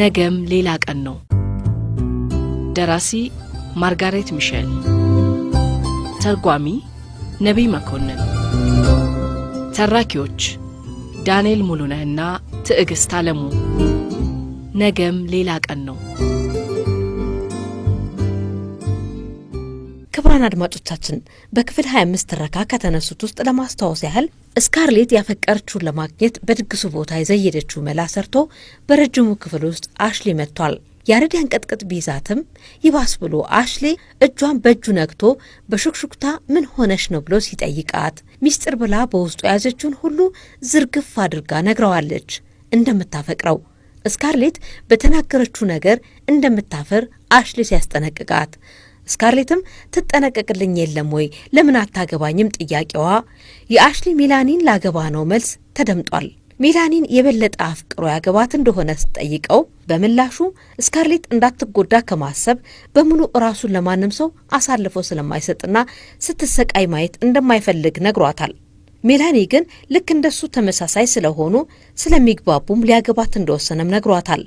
ነገም ሌላ ቀን ነው። ደራሲ ማርጋሬት ሚሸል፣ ተርጓሚ ነቢይ መኮንን፣ ተራኪዎች ዳንኤል ሙሉነህና ትዕግሥት አለሙ። ነገም ሌላ ቀን ነው። ክቡራን አድማጮቻችን በክፍል 25 ትረካ ከተነሱት ውስጥ ለማስታወስ ያህል ስካርሌት ያፈቀረችውን ለማግኘት በድግሱ ቦታ የዘየደችው መላ ሰርቶ በረጅሙ ክፍል ውስጥ አሽሌ መጥቷል። ያሬድ ያንቀጥቅጥ ቢይዛትም ይባስ ብሎ አሽሌ እጇን በእጁ ነግቶ በሹክሹክታ ምን ሆነሽ ነው ብሎ ሲጠይቃት ሚስጥር ብላ በውስጡ የያዘችውን ሁሉ ዝርግፍ አድርጋ ነግረዋለች እንደምታፈቅረው። ስካርሌት በተናገረችው ነገር እንደምታፈር አሽሌ ሲያስጠነቅቃት ስካርሌትም ትጠነቀቅልኝ የለም ወይ ለምን አታገባኝም ጥያቄዋ የአሽሊ ሚላኒን ላገባ ነው መልስ ተደምጧል። ሚላኒን የበለጠ አፍቅሮ ያገባት እንደሆነ ስጠይቀው በምላሹ ስካርሌት እንዳትጎዳ ከማሰብ በሙሉ እራሱን ለማንም ሰው አሳልፎ ስለማይሰጥና ስትሰቃይ ማየት እንደማይፈልግ ነግሯታል። ሜላኒ ግን ልክ እንደሱ ተመሳሳይ ስለሆኑ ስለሚግባቡም ሊያገባት እንደወሰነም ነግሯታል።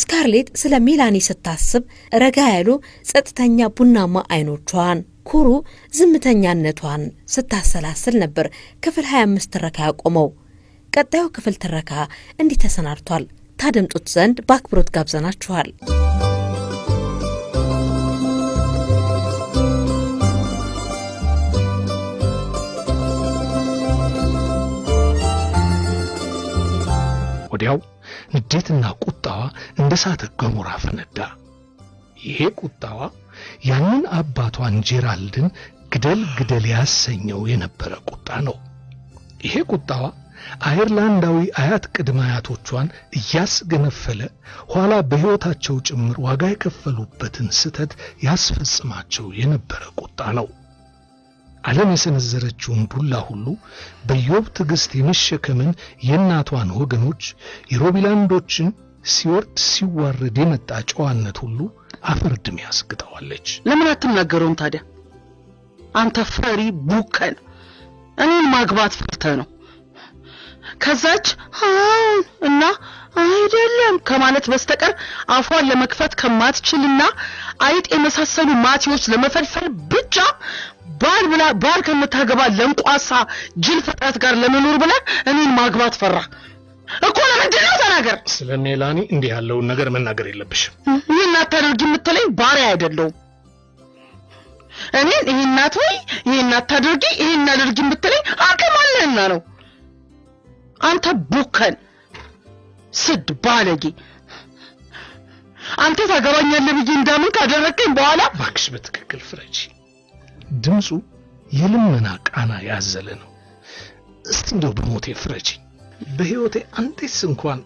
ስካርሌት ስለ ሜላኒ ስታስብ ረጋ ያሉ ጸጥተኛ ቡናማ አይኖቿን ኩሩ ዝምተኛነቷን ስታሰላስል ነበር። ክፍል 25 ትረካ ያቆመው። ቀጣዩ ክፍል ትረካ እንዲህ ተሰናድቷል። ታደምጡት ዘንድ በአክብሮት ጋብዘናችኋል። ወዲያው ንዴትና ቁጣዋ እንደ ሳተ ገሞራ ፈነዳ። ይሄ ቁጣዋ ያንን አባቷን ጄራልድን ግደል ግደል ያሰኘው የነበረ ቁጣ ነው። ይሄ ቁጣዋ አየርላንዳዊ አያት ቅድመ አያቶቿን እያስገነፈለ ኋላ በሕይወታቸው ጭምር ዋጋ የከፈሉበትን ስህተት ያስፈጽማቸው የነበረ ቁጣ ነው። ዓለም የሰነዘረችውን ዱላ ሁሉ በኢዮብ ትዕግሥት የመሸከምን የእናቷን ወገኖች የሮቢላንዶችን ሲወርድ ሲዋረድ የመጣ ጨዋነት ሁሉ አፈር ድሜ ያስግጠዋለች። ለምን አትናገረውም ታዲያ? አንተ ፈሪ ቡከን፣ እኔን ማግባት ፈርተ ነው። ከዛች አሁን እና አይደለም ከማለት በስተቀር አፏን ለመክፈት ከማትችልና አይጥ የመሳሰሉ ማቴዎች ለመፈልፈል ብቻ ባል ብላ ባል ከምታገባ ለምቋሳ ጅል ፍጥረት ጋር ለመኖር ብላ እኔን ማግባት ፈራ እኮ ለምንድን ነው ተናገር። ስለ ላኒ እንዲህ ያለውን ነገር መናገር የለብሽም። ይህን አታደርጊ የምትለኝ ባሪያ አይደለሁም። እኔን ይህን አትበይ፣ ይህን አታደርጊ፣ ይህን አድርጊ የምትለኝ አቅም አለህና ነው። አንተ ቡከን ስድ ባለጌ አንተ ታገባኛለህ ብዬ እንዳምን ካደረግከኝ በኋላ እባክሽ በትክክል ፍረጂ። ድምፁ የልመና ቃና ያዘለ ነው። እስቲ እንደው በሞቴ ፍረጅኝ፣ በሕይወቴ አንዴስ እንኳን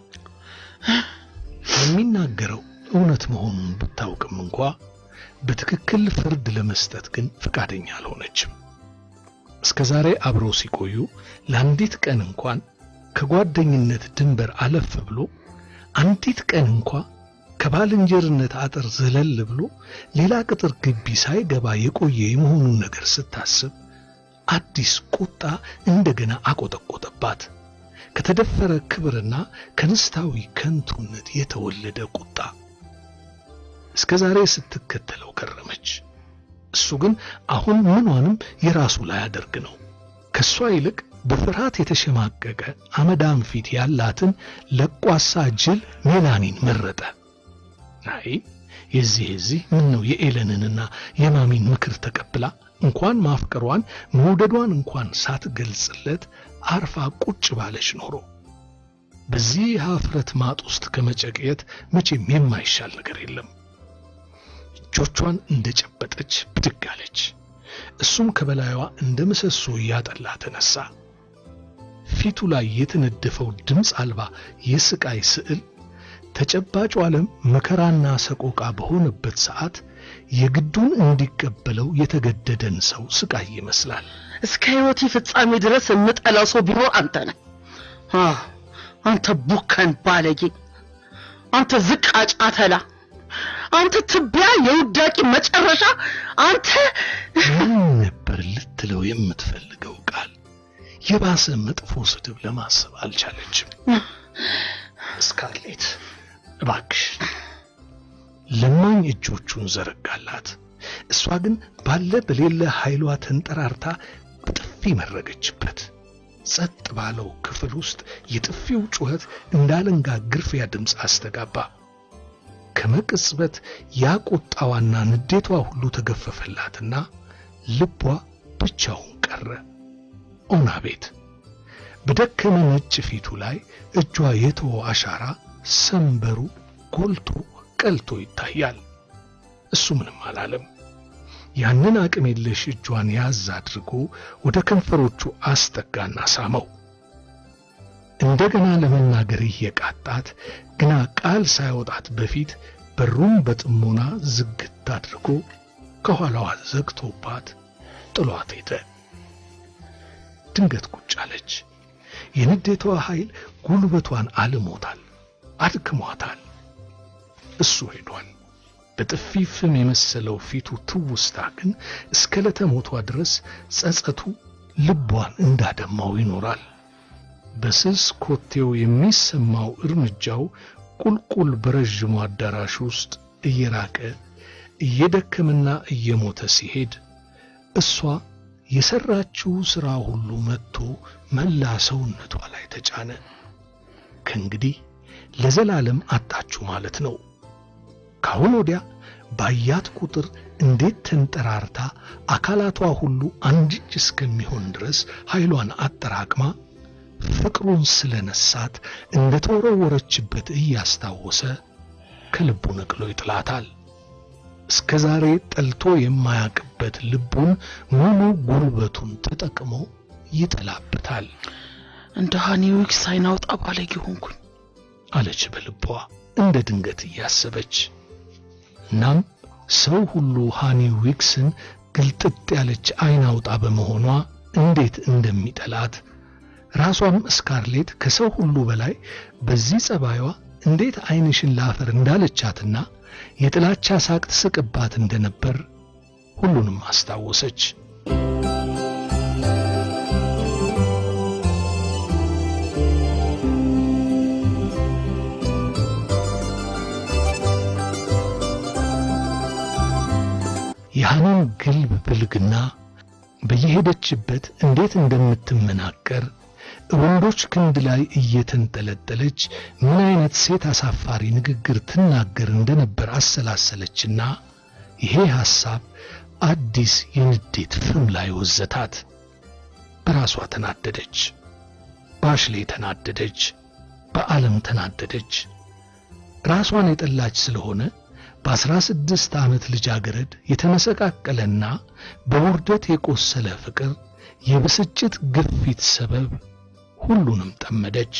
የሚናገረው እውነት መሆኑን ብታውቅም እንኳ በትክክል ፍርድ ለመስጠት ግን ፈቃደኛ አልሆነችም። እስከ ዛሬ አብረው ሲቆዩ ለአንዲት ቀን እንኳን ከጓደኝነት ድንበር አለፍ ብሎ አንዲት ቀን እንኳ ከባልንጀርነት አጥር ዘለል ብሎ ሌላ ቅጥር ግቢ ሳይገባ የቆየ የመሆኑን ነገር ስታስብ አዲስ ቁጣ እንደገና አቆጠቆጠባት። ከተደፈረ ክብርና ከንስታዊ ከንቱነት የተወለደ ቁጣ እስከ ዛሬ ስትከተለው ከረመች። እሱ ግን አሁን ምኗንም የራሱ ላይ አደርግ ነው። ከሷ ይልቅ በፍርሃት የተሸማቀቀ አመዳም ፊት ያላትን ለቋሳ ጅል ሜላኒን መረጠ። አይ የዚህ የዚህ ምን ነው የኤለንንና የማሚን ምክር ተቀብላ እንኳን ማፍቀሯን መውደዷን እንኳን ሳትገልጽለት አርፋ ቁጭ ባለች ኖሮ በዚህ ሀፍረት ማጥ ውስጥ ከመጨቅየት መቼም የማይሻል ነገር የለም። እጆቿን እንደጨበጠች ብድግ አለች። እሱም ከበላይዋ እንደ ምሰሶ እያጠላ ተነሳ። ፊቱ ላይ የተነደፈው ድምፅ አልባ የስቃይ ስዕል ተጨባጩ ዓለም መከራና ሰቆቃ በሆነበት ሰዓት የግዱን እንዲቀበለው የተገደደን ሰው ስቃይ ይመስላል። እስከ ሕይወቴ ፍጻሜ ድረስ የምጠላው ሰው ቢኖር አንተ ነህ። አንተ ቡከን ባለጌ፣ አንተ ዝቃጭ አተላ፣ አንተ ትቢያ የውዳቂ መጨረሻ፣ አንተ ምን ነበር ልትለው የምትፈልገው ቃል የባሰ መጥፎ ስድብ ለማሰብ አልቻለችም። ስካርሌት እባክሽ። ለማኝ እጆቹን ዘረጋላት። እሷ ግን ባለ በሌለ ኃይሏ ተንጠራርታ ጥፊ መረገችበት። ጸጥ ባለው ክፍል ውስጥ የጥፊው ጩኸት እንዳለንጋ ግርፊያ ድምፅ አስተጋባ። ከመቅጽበት ያ ቁጣዋና ንዴቷ ሁሉ ተገፈፈላትና ልቧ ብቻውን ቀረ። ኦና ቤት በደከመ ነጭ ፊቱ ላይ እጇ የተወ አሻራ ሰንበሩ ጎልቶ ቀልቶ ይታያል። እሱ ምንም አላለም። ያንን አቅም የለሽ እጇን ያዝ አድርጎ ወደ ከንፈሮቹ አስጠጋና ሳመው። እንደገና ለመናገር እየቃጣት ግና ቃል ሳይወጣት በፊት በሩን በጥሞና ዝግት አድርጎ ከኋላዋ ዘግቶባት ጥሏት ሄደ። ድንገት ቁጭ አለች። የንዴቷ ኃይል ጉልበቷን አልሞታል። አድክሟታል። እሱ ሄዷል። በጥፊ ፍም የመሰለው ፊቱ ትውስታ ግን እስከ ዕለተ ሞቷ ድረስ ጸጸቱ ልቧን እንዳደማው ይኖራል። በስስ ኮቴው የሚሰማው እርምጃው ቁልቁል በረዥሙ አዳራሽ ውስጥ እየራቀ እየደከመና እየሞተ ሲሄድ እሷ የሰራችው ሥራ ሁሉ መጥቶ መላ ሰውነቷ ላይ ተጫነ። ከእንግዲህ ለዘላለም አጣችሁ ማለት ነው። ካሁን ወዲያ ባያት ቁጥር እንዴት ተንጠራርታ አካላቷ ሁሉ አንድጅ እስከሚሆን ድረስ ኃይሏን አጠራቅማ ፍቅሩን ስለነሳት እንደተወረወረችበት እያስታወሰ ከልቡ ነቅሎ ይጥላታል። እስከ ዛሬ ጠልቶ የማያቅበት ልቡን ሙሉ ጉልበቱን ተጠቅሞ ይጠላበታል እንደ ሃኒዊክ ሳይናውጣ ባለጌ ሆንኩኝ። አለች በልቧ እንደ ድንገት እያሰበች። እናም ሰው ሁሉ ሃኒ ዊክስን ግልጥጥ ያለች አይን አውጣ በመሆኗ እንዴት እንደሚጠላት ራሷም እስካርሌት ከሰው ሁሉ በላይ በዚህ ጸባይዋ እንዴት አይንሽን ላፈር እንዳለቻትና የጥላቻ ሳቅ ትስቅባት እንደነበር ሁሉንም አስታወሰች። የካህኑን ግልብ ብልግና በየሄደችበት እንዴት እንደምትመናቀር ወንዶች ክንድ ላይ እየተንጠለጠለች ምን አይነት ሴት አሳፋሪ ንግግር ትናገር እንደነበር አሰላሰለችና ይሄ ሐሳብ አዲስ የንዴት ፍም ላይ ወዘታት። በራሷ ተናደደች፣ ባሽሌ ተናደደች፣ በዓለም ተናደደች። ራሷን የጠላች ስለሆነ በአስራ ስድስት ዓመት ልጃገረድ የተመሰቃቀለና በውርደት የቆሰለ ፍቅር የብስጭት ግፊት ሰበብ ሁሉንም ጠመደች፣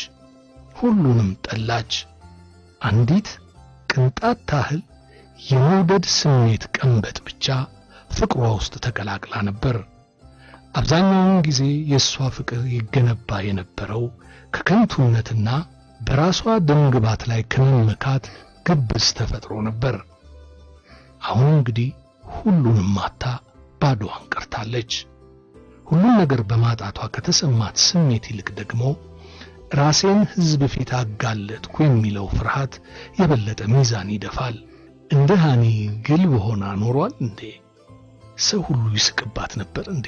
ሁሉንም ጠላች። አንዲት ቅንጣት ታህል የመውደድ ስሜት ቀንበጥ ብቻ ፍቅሯ ውስጥ ተቀላቅላ ነበር። አብዛኛውን ጊዜ የእሷ ፍቅር ይገነባ የነበረው ከከንቱነትና በራሷ ደምግባት ላይ ከመመካት ግብስ ተፈጥሮ ነበር። አሁን እንግዲህ ሁሉንም ማታ ባዶዋን ቀርታለች። ሁሉን ነገር በማጣቷ ከተሰማት ስሜት ይልቅ ደግሞ ራሴን ሕዝብ ፊት አጋለጥኩ የሚለው ፍርሃት የበለጠ ሚዛን ይደፋል። እንደ ሃኒ ግልብ ሆና ኖሯል እንዴ? ሰው ሁሉ ይስቅባት ነበር እንዴ?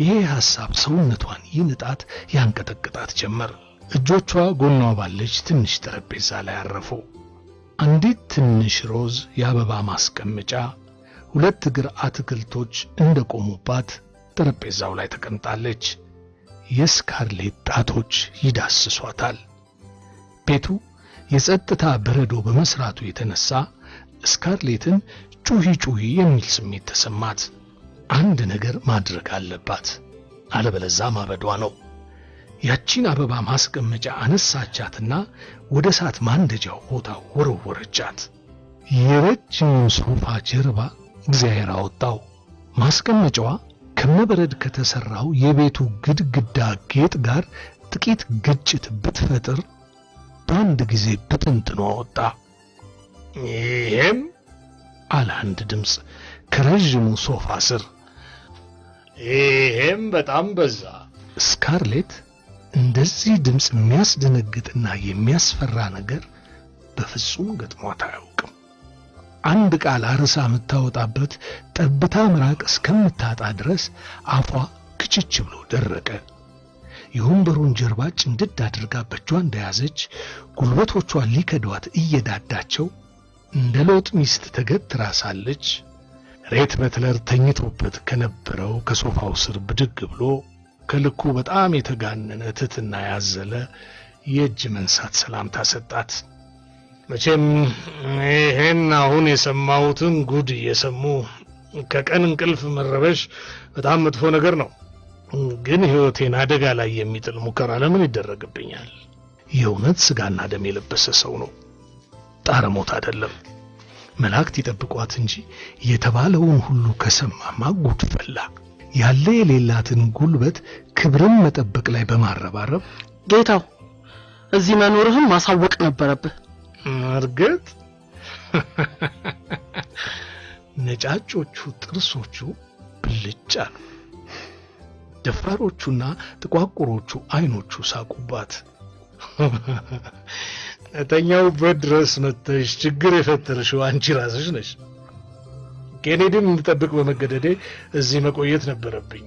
ይሄ ሐሳብ ሰውነቷን ይንጣት ያንቀጠቅጣት ጀመር። እጆቿ ጎኗ ባለች ትንሽ ጠረጴዛ ላይ አረፉ። አንዲት ትንሽ ሮዝ የአበባ ማስቀመጫ ሁለት እግር አትክልቶች እንደቆሙባት ጠረጴዛው ላይ ተቀምጣለች። የስካርሌት ጣቶች ይዳስሷታል። ቤቱ የጸጥታ በረዶ በመስራቱ የተነሳ ስካርሌትን ጩሂ ጩሂ የሚል ስሜት ተሰማት። አንድ ነገር ማድረግ አለባት፣ አለበለዛ ማበዷ ነው። ያቺን አበባ ማስቀመጫ አነሳቻትና ወደ እሳት ማንደጃው ቦታ ወረወረቻት። የረጅሙ ሶፋ ጀርባ እግዚአብሔር አወጣው። ማስቀመጫዋ ከመበረድ ከተሰራው የቤቱ ግድግዳ ጌጥ ጋር ጥቂት ግጭት ብትፈጥር በአንድ ጊዜ ብትንትኗ አወጣ! ይሄም አለ አንድ ድምፅ ከረዥሙ ሶፋ ስር። ይሄም በጣም በዛ። ስካርሌት እንደዚህ ድምፅ የሚያስደነግጥና የሚያስፈራ ነገር በፍጹም ገጥሟት አያውቅም። አንድ ቃል አርሳ የምታወጣበት ጠብታ ምራቅ እስከምታጣ ድረስ አፏ ክችች ብሎ ደረቀ። የወንበሩን ጀርባ ጭንድድ አድርጋ በእጇ እንደያዘች ጉልበቶቿን ሊከዷት እየዳዳቸው እንደ ሎጥ ሚስት ተገትራ ሳለች ሬት በትለር ተኝቶበት ከነበረው ከሶፋው ስር ብድግ ብሎ ከልኩ በጣም የተጋነነ ትትና ያዘለ የእጅ መንሳት ሰላምታ ሰጣት። መቼም ይሄን አሁን የሰማሁትን ጉድ እየሰሙ ከቀን እንቅልፍ መረበሽ በጣም መጥፎ ነገር ነው፣ ግን ሕይወቴን አደጋ ላይ የሚጥል ሙከራ ለምን ይደረግብኛል? የእውነት ሥጋና ደም የለበሰ ሰው ነው፣ ጣረሞት አይደለም። መላእክት ይጠብቋት እንጂ የተባለውን ሁሉ ከሰማማ ጉድ ፈላ። ያለ የሌላትን ጉልበት ክብርን መጠበቅ ላይ በማረባረብ ጌታው እዚህ መኖርህም ማሳወቅ ነበረብህ። እርግጥ ነጫጮቹ ጥርሶቹ ብልጫ ነው። ደፋሮቹና ጥቋቁሮቹ አይኖቹ ሳቁባት። እተኛውበት ድረስ መጥተሽ ችግር የፈጠርሽው አንቺ ራስሽ ነሽ። ኬኔዲን እንድጠብቅ በመገደዴ እዚህ መቆየት ነበረብኝ።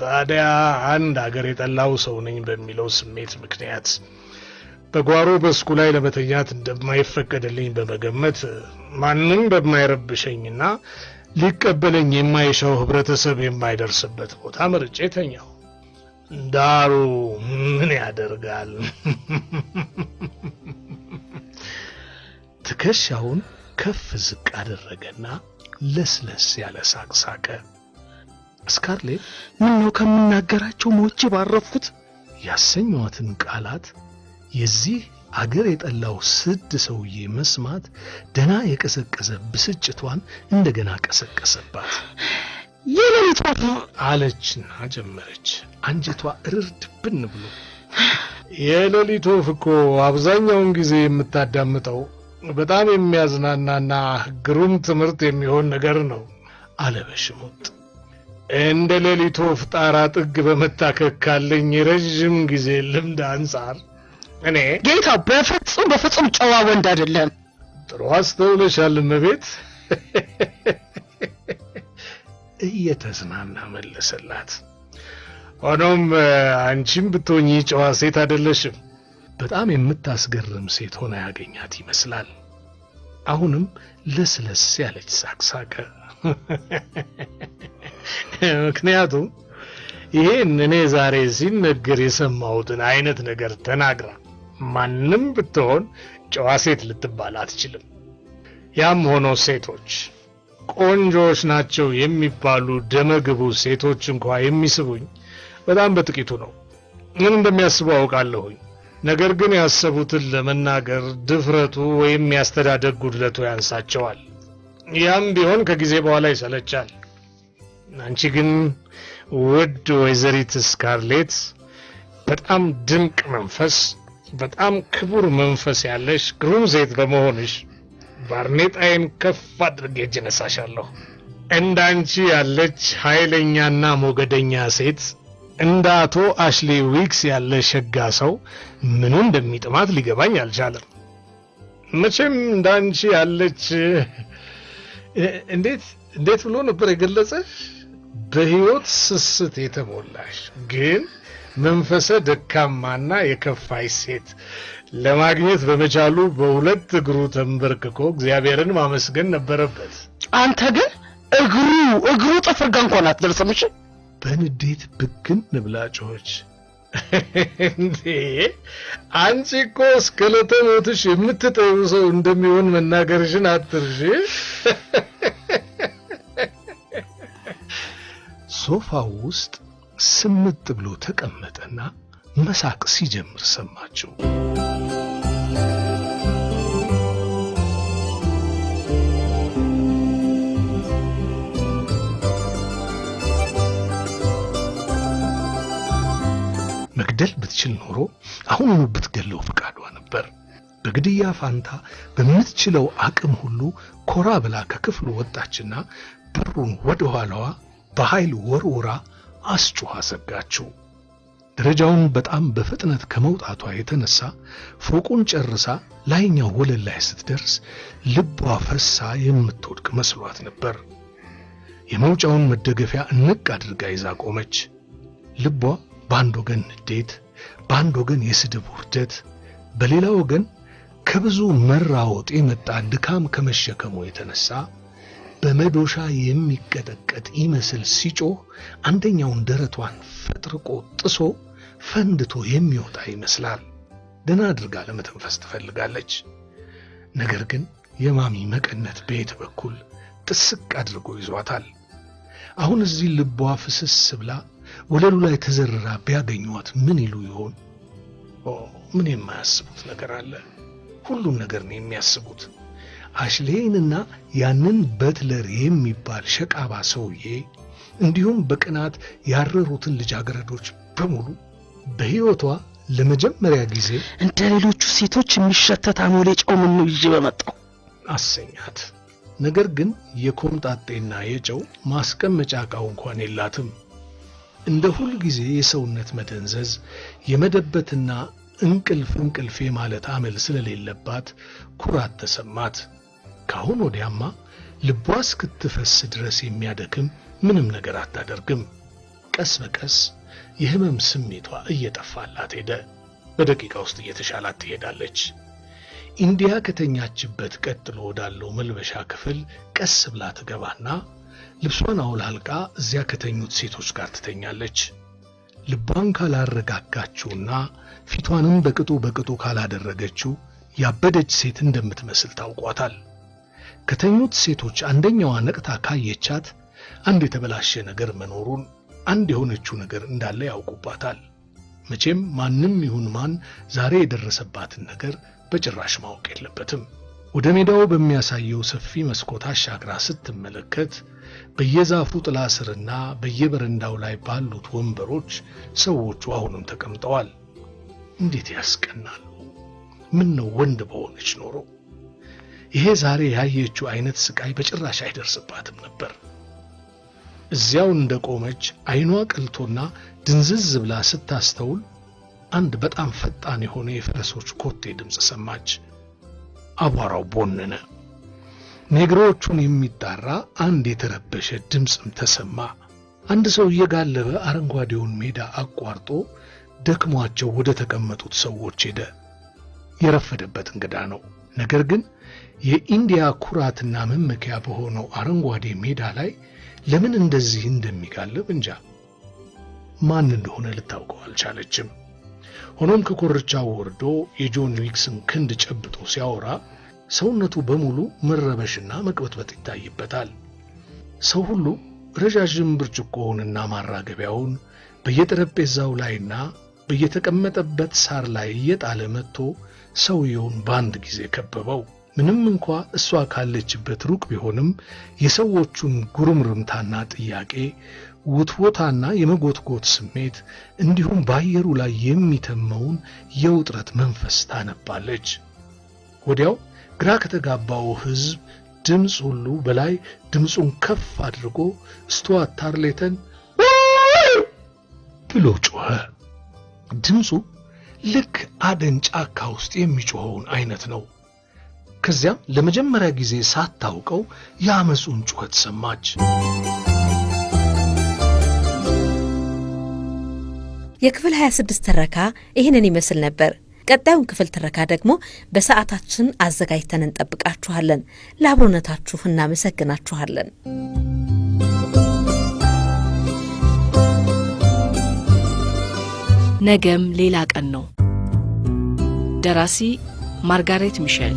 ታዲያ አንድ አገር የጠላው ሰው ነኝ በሚለው ስሜት ምክንያት በጓሮ በስኩ ላይ ለመተኛት እንደማይፈቀድልኝ በመገመት ማንም በማይረብሸኝና ሊቀበለኝ የማይሻው ህብረተሰብ የማይደርስበት ቦታ መርጬ ተኛው። ዳሩ ምን ያደርጋል፣ ትከሻውን ከፍ ዝቅ አደረገና ለስለስ ያለ ሳቅሳቀ ሳቀ። ምን ነው ከምናገራቸው ሞቼ ባረፍኩት ያሰኘዋትን ቃላት የዚህ አገር የጠላው ስድ ሰውዬ መስማት ደና የቀሰቀሰ ብስጭቷን እንደገና ቀሰቀሰባት። የሌሊት ነው አለችና ጀመረች። አንጀቷ እርር ድብን ብሎ የሌሊት ወፍ እኮ አብዛኛውን ጊዜ የምታዳምጠው በጣም የሚያዝናናና ግሩም ትምህርት የሚሆን ነገር ነው አለ በሽሙጥ። እንደ ሌሊቱ ፍጣራ ጥግ በመታከክ ካለኝ የረዥም ጊዜ ልምድ አንጻር እኔ ጌታ በፍጹም በፍጹም ጨዋ ወንድ አይደለም። ጥሩ አስተውለሻል እመቤት እየተዝናና መለሰላት። ሆኖም አንቺም ብትሆኚ ጨዋ ሴት አይደለሽም። በጣም የምታስገርም ሴት ሆና ያገኛት ይመስላል። አሁንም ለስለስ ያለች ሳቅሳቀ። ምክንያቱም ይሄን እኔ ዛሬ ሲነገር የሰማሁትን አይነት ነገር ተናግራ ማንም ብትሆን ጨዋ ሴት ልትባል አትችልም። ያም ሆኖ ሴቶች ቆንጆዎች ናቸው የሚባሉ ደመግቡ ሴቶች እንኳ የሚስቡኝ በጣም በጥቂቱ ነው። ምን እንደሚያስቡ አውቃለሁኝ። ነገር ግን ያሰቡትን ለመናገር ድፍረቱ ወይም ያስተዳደግ ጉድለቱ ያንሳቸዋል። ያም ቢሆን ከጊዜ በኋላ ይሰለቻል። አንቺ ግን ውድ ወይዘሪት ስካርሌት በጣም ድንቅ መንፈስ፣ በጣም ክቡር መንፈስ ያለሽ ግሩም ሴት በመሆንሽ ባርኔጣዬን ከፍ አድርጌ እጅ ነሳሻለሁ። እንዳንቺ ያለች ኃይለኛና ሞገደኛ ሴት እንደ አቶ አሽሌ ዊክስ ያለ ሸጋ ሰው ምኑ እንደሚጥማት ሊገባኝ አልቻለም። መቼም እንዳንቺ ያለች እንዴት እንዴት ብሎ ነበር የገለጸሽ? በሕይወት ስስት የተሞላሽ ግን መንፈሰ ደካማና የከፋይ ሴት ለማግኘት በመቻሉ በሁለት እግሩ ተንበርክኮ እግዚአብሔርን ማመስገን ነበረበት። አንተ ግን እግሩ እግሩ ጥፍርጋ እንኳን አትደርስም። በንዴት ብግን ብላ ጮኸች። እንዴ አንቺ እኮ እስከ ዕለተ ሞትሽ የምትጠይው ሰው እንደሚሆን መናገርሽን አትርሽ። ሶፋው ውስጥ ስምጥ ብሎ ተቀመጠና መሳቅ ሲጀምር ሰማችው። መግደል ብትችል ኖሮ አሁኑኑ ብትገለው ፈቃዷ ነበር። በግድያ ፋንታ በምትችለው አቅም ሁሉ ኮራ ብላ ከክፍሉ ወጣችና በሩን ወደ ኋላዋ በኃይል ወርውራ አስጮሃ ሰጋችው! ደረጃውን በጣም በፍጥነት ከመውጣቷ የተነሳ ፎቁን ጨርሳ ላይኛው ወለል ላይ ስትደርስ ልቧ ፈሳ የምትወድቅ መስሏት ነበር። የመውጫውን መደገፊያ እንቅ አድርጋ ይዛ ቆመች። ልቧ በአንድ ወገን ንዴት፣ በአንድ ወገን የስድብ ውርደት፣ በሌላ ወገን ከብዙ መራወጥ የመጣ ድካም ከመሸከሙ የተነሳ በመዶሻ የሚቀጠቀጥ ይመስል ሲጮህ አንደኛውን ደረቷን ፈጥርቆ ጥሶ ፈንድቶ የሚወጣ ይመስላል። ደና አድርጋ ለመተንፈስ ትፈልጋለች። ነገር ግን የማሚ መቀነት በየት በኩል ጥስቅ አድርጎ ይዟታል። አሁን እዚህ ልቧ ፍስስ ብላ ወለሉ ላይ ተዘርራ ቢያገኟት ምን ይሉ ይሆን? ምን የማያስቡት ነገር አለ። ሁሉን ነገር ነው የሚያስቡት። አሽሌይንና ያንን በትለር የሚባል ሸቃባ ሰውዬ እንዲሁም በቅናት ያረሩትን ልጃገረዶች በሙሉ በሕይወቷ ለመጀመሪያ ጊዜ እንደ ሌሎቹ ሴቶች የሚሸተት አሞሌ ጨው ምን ነው ይዤ በመጣው አሰኛት። ነገር ግን የኮምጣጤና የጨው ማስቀመጫ እቃው እንኳን የላትም። እንደ ሁል ጊዜ የሰውነት መደንዘዝ የመደበትና እንቅልፍ እንቅልፌ ማለት አመል ስለሌለባት ኩራት ተሰማት። ካሁን ወዲያማ ልቧ እስክትፈስ ድረስ የሚያደክም ምንም ነገር አታደርግም። ቀስ በቀስ የህመም ስሜቷ እየጠፋላት ሄደ። በደቂቃ ውስጥ እየተሻላት ትሄዳለች። ኢንዲያ ከተኛችበት ቀጥሎ ወዳለው መልበሻ ክፍል ቀስ ብላ ትገባና ልብሷን አውላልቃ እዚያ ከተኙት ሴቶች ጋር ትተኛለች። ልቧን ካላረጋጋችውና ፊቷንም በቅጡ በቅጡ ካላደረገችው ያበደች ሴት እንደምትመስል ታውቋታል። ከተኙት ሴቶች አንደኛዋ ነቅታ ካየቻት አንድ የተበላሸ ነገር መኖሩን፣ አንድ የሆነችው ነገር እንዳለ ያውቁባታል። መቼም ማንም ይሁን ማን ዛሬ የደረሰባትን ነገር በጭራሽ ማወቅ የለበትም። ወደ ሜዳው በሚያሳየው ሰፊ መስኮት አሻግራ ስትመለከት በየዛፉ ጥላ ስርና በየበረንዳው ላይ ባሉት ወንበሮች ሰዎቹ አሁንም ተቀምጠዋል። እንዴት ያስቀናሉ! ምን ነው ወንድ በሆነች ኖሮ ይሄ ዛሬ ያየችው አይነት ስቃይ በጭራሽ አይደርስባትም ነበር። እዚያው እንደቆመች አይኗ ቀልቶና ድንዝዝ ብላ ስታስተውል አንድ በጣም ፈጣን የሆነ የፈረሶች ኮቴ ድምፅ ሰማች። አቧራው ቦነነ። ኔግሮዎቹን የሚጣራ አንድ የተረበሸ ድምፅም ተሰማ። አንድ ሰው እየጋለበ አረንጓዴውን ሜዳ አቋርጦ ደክሟቸው ወደ ተቀመጡት ሰዎች ሄደ። የረፈደበት እንግዳ ነው። ነገር ግን የኢንዲያ ኩራትና መመኪያ በሆነው አረንጓዴ ሜዳ ላይ ለምን እንደዚህ እንደሚጋልብ እንጃ። ማን እንደሆነ ልታውቀው አልቻለችም። ሆኖም ከኮርቻው ወርዶ የጆን ዊክስን ክንድ ጨብጦ ሲያወራ ሰውነቱ በሙሉ መረበሽና መቅበጥበጥ ይታይበታል። ሰው ሁሉ ረዣዥም ብርጭቆውንና ማራገቢያውን በየጠረጴዛው ላይና በየተቀመጠበት ሳር ላይ እየጣለ መጥቶ ሰውየውን በአንድ ጊዜ ከበበው። ምንም እንኳ እሷ ካለችበት ሩቅ ቢሆንም የሰዎቹን ጉርምርምታና ጥያቄ፣ ውትወታና የመጎትጎት ስሜት እንዲሁም በአየሩ ላይ የሚተመውን የውጥረት መንፈስ ታነባለች። ወዲያው ግራ ከተጋባው ሕዝብ ድምፅ ሁሉ በላይ ድምፁን ከፍ አድርጎ ስቱዋርት ታርሌተን ብሎ ጮኸ። ድምፁ ልክ አደን ጫካ ውስጥ የሚጮኸውን አይነት ነው። ከዚያም ለመጀመሪያ ጊዜ ሳታውቀው የአመፁን ጩኸት ሰማች። የክፍል 26 ትረካ ይህንን ይመስል ነበር። ቀጣዩን ክፍል ትረካ ደግሞ በሰዓታችን አዘጋጅተን እንጠብቃችኋለን። ለአብሮነታችሁ እናመሰግናችኋለን። ነገም ሌላ ቀን ነው። ደራሲ ማርጋሬት ሚሼል